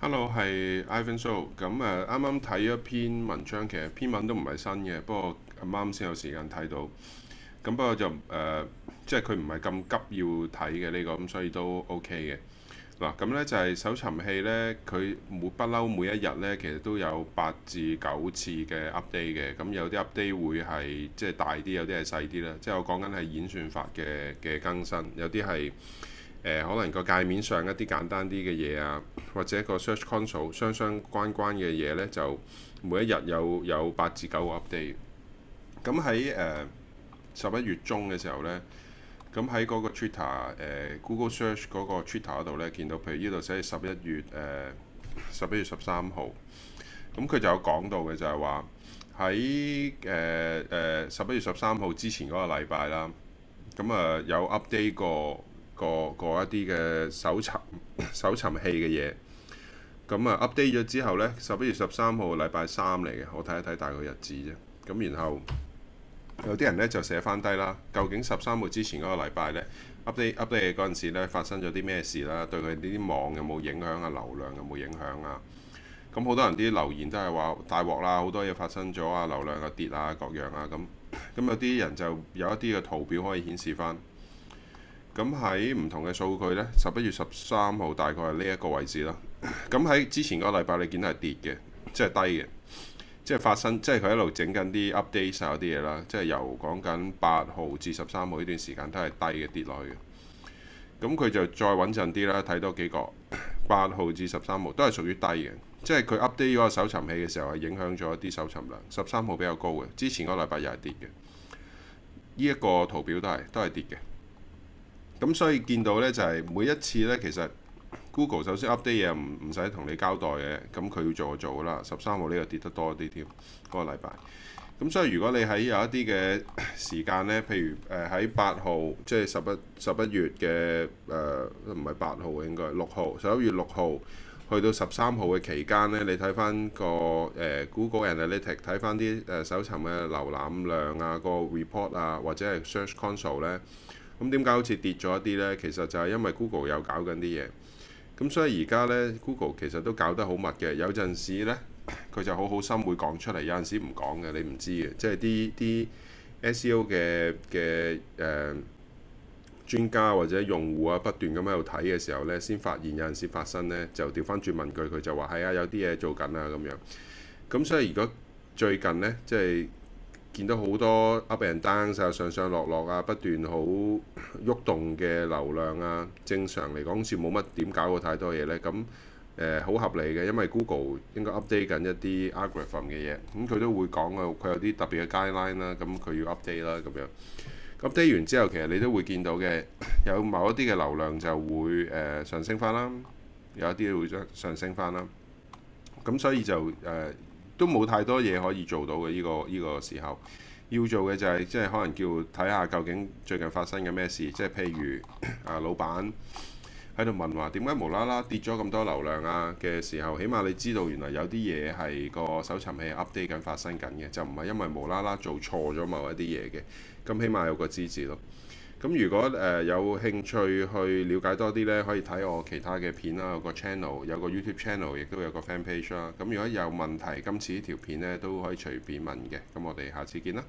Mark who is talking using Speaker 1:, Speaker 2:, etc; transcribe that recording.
Speaker 1: Hello，係 Ivan So，咁誒啱啱睇咗一篇文章，其實篇文都唔係新嘅，不過啱啱先有時間睇到。咁不過就誒、呃，即係佢唔係咁急要睇嘅呢個，咁所以都 OK 嘅。嗱，咁咧就係搜尋器咧，佢每不嬲每一日咧，其實都有八至九次嘅 update 嘅。咁有啲 update 會係即係大啲，有啲係細啲啦。即係我講緊係演算法嘅嘅更新，有啲係。誒、呃、可能個界面上一啲簡單啲嘅嘢啊，或者個 Search Console 相相關關嘅嘢呢，就每一日有有八至九個 update。咁喺誒十一月中嘅時候呢，咁喺嗰個 Twitter 誒、呃、Google Search 嗰個 Twitter 度呢，見到譬如呢度寫係十一月誒十一月十三號，咁佢就有講到嘅就係話喺誒誒十一月十三號之前嗰個禮拜啦，咁啊、呃、有 update 過。過過一啲嘅搜尋搜尋器嘅嘢，咁啊 update 咗之後呢，十一月十三號禮拜三嚟嘅，我睇一睇大概日子啫。咁然後有啲人呢就寫翻低啦，究竟十三號之前嗰個禮拜呢 update update 嗰陣時呢發生咗啲咩事啦？對佢呢啲網有冇影響啊？流量有冇影響啊？咁、嗯、好多人啲留言都係話大鑊啦，好多嘢發生咗啊，流量啊跌啊，各樣啊咁。咁、嗯、有啲人就有一啲嘅圖表可以顯示翻。咁喺唔同嘅數據呢，十一月十三號大概係呢一個位置啦。咁喺之前嗰個禮拜，你見到係跌嘅，即係低嘅，即係發生，即係佢一路整緊啲 update 晒嗰啲嘢啦。即係由講緊八號至十三號呢段時間都係低嘅跌落去嘅。咁佢就再穩陣啲啦，睇多幾個八號至十三號都係屬於低嘅，即係佢 update 嗰個搜尋器嘅時候係影響咗一啲搜尋量。十三號比較高嘅，之前嗰個禮拜又係跌嘅。呢一個圖表都係都係跌嘅。咁所以見到呢，就係每一次呢，其實 Google 首先 update 嘢唔唔使同你交代嘅，咁佢要做就做啦。十三號呢個跌得多啲添，嗰個禮拜。咁所以如果你喺有一啲嘅時間呢，譬如誒喺八號，即係十一十一月嘅誒，唔係八號應該六號十一月六號，去到十三號嘅期間呢，你睇翻個誒 Google Analytics 睇翻啲誒搜尋嘅瀏覽量啊，個 report 啊，或者係 Search Console 呢。咁點解好似跌咗一啲呢？其實就係因為 Google 有搞緊啲嘢，咁所以而家呢 Google 其實都搞得好密嘅。有陣時呢，佢就好好心會講出嚟；有陣時唔講嘅，你唔知嘅。即係啲啲 SEO 嘅嘅誒專家或者用戶啊，不斷咁喺度睇嘅時候呢，先發現有陣時發生呢，就調翻轉問句佢就話：係啊，有啲嘢做緊啊咁樣。咁所以如果最近呢，即係。見到好多 up and down，上上落落啊，不斷好喐動嘅流量啊，正常嚟講好似冇乜點搞過太多嘢呢，咁誒好合理嘅，因為 Google 應該 update 緊一啲 algorithm 嘅嘢，咁佢都會講啊，佢有啲特別嘅 guideline 啦，咁佢要 update 啦，咁樣。咁 update 完之後，其實你都會見到嘅，有某一啲嘅流量就會誒上升返啦，有一啲會將上升返啦，咁所以就誒。都冇太多嘢可以做到嘅，呢個呢個時候要做嘅就係即係可能叫睇下究竟最近發生緊咩事，即係譬如啊老闆喺度問話點解無啦啦跌咗咁多流量啊嘅時候，起碼你知道原來有啲嘢係個搜尋器 update 緊發生緊嘅，就唔係因為無啦啦做錯咗某一啲嘢嘅，咁起碼有個資治咯。咁如果誒有興趣去了解多啲呢，可以睇我其他嘅片啦，有個 channel，有個 YouTube channel，亦都有個 fan page 啦。咁如果有問題，今次呢條片呢都可以隨便問嘅。咁我哋下次見啦。